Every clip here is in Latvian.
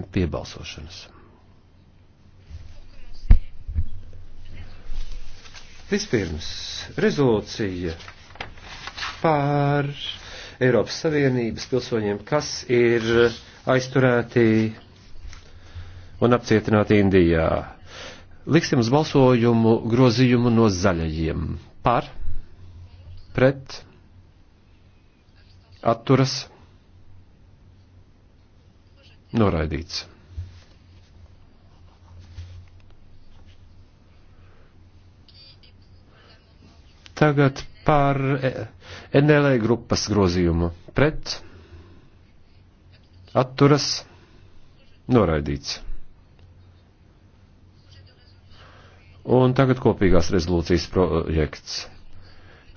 ķersim pie balsošanas. Vispirms rezolūcija par Eiropas Savienības pilsoņiem, kas ir aizturēti un apcietināti Indijā. Liksim uz balsojumu grozījumu no zaļajiem. Par, pret, atturas. Noraidīts. Tagad par NLA e grupas grozījumu. Pret. Atturas. Noraidīts. Un tagad kopīgās rezolūcijas projekts.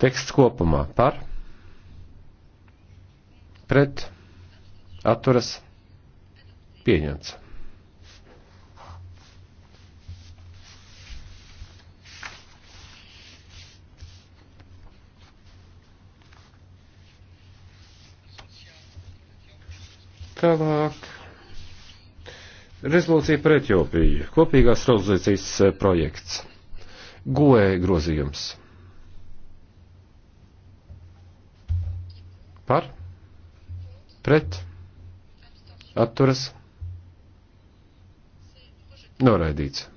Teksts kopumā par, pret, atturas, Pieņemts. Tālāk. Rezolūcija par Etiopiju. Kopīgās rezolūcijas eh, projekts. Goe grozījums. Par? Pret? Atturas? Noraidīts.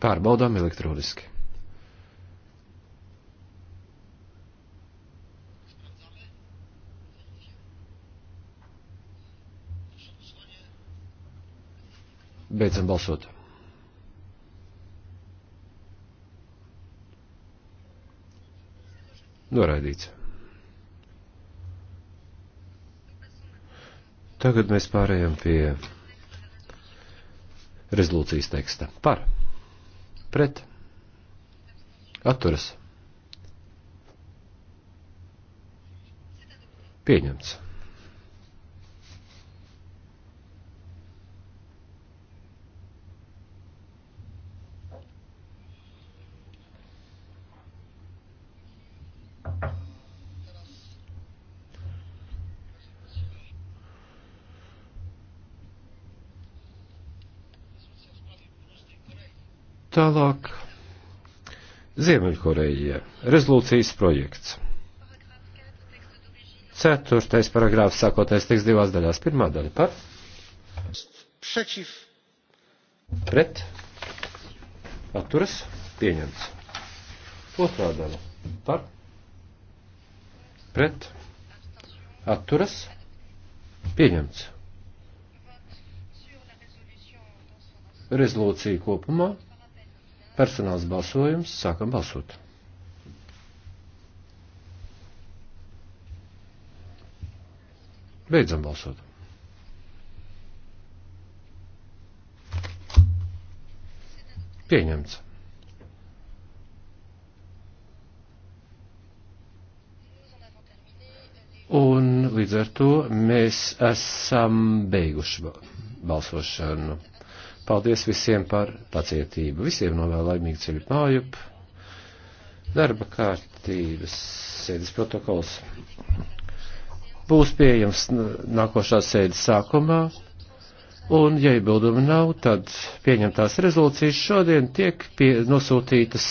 Pārbaudām elektroniski. Beidzam balsot. Noraidīts. Tagad mēs pārējām pie rezolūcijas teksta. Par, pret, atturas. Pieņemts. Tālāk Ziemeļkorejie. Rezolūcijas projekts. Ceturtais paragrāfs sākotnēs tiks divās daļās. Pirmā daļa par. Šeķif. Pret. Atturas. Pieņemts. Otrā daļa. Par. Pret. Atturas. Pieņemts. Rezolūcija kopumā Personāls balsojums. Sākam balsot. Beidzam balsot. Pieņemts. Un līdz ar to mēs esam beiguši balsošanu. Paldies visiem par pacietību. Visiem novēlu laimīgu ceļu mājup. Darba kārtības sēdes protokols būs pieejams nākošās sēdes sākumā. Un, ja iebildumi nav, tad pieņemtās rezolūcijas šodien tiek pie, nosūtītas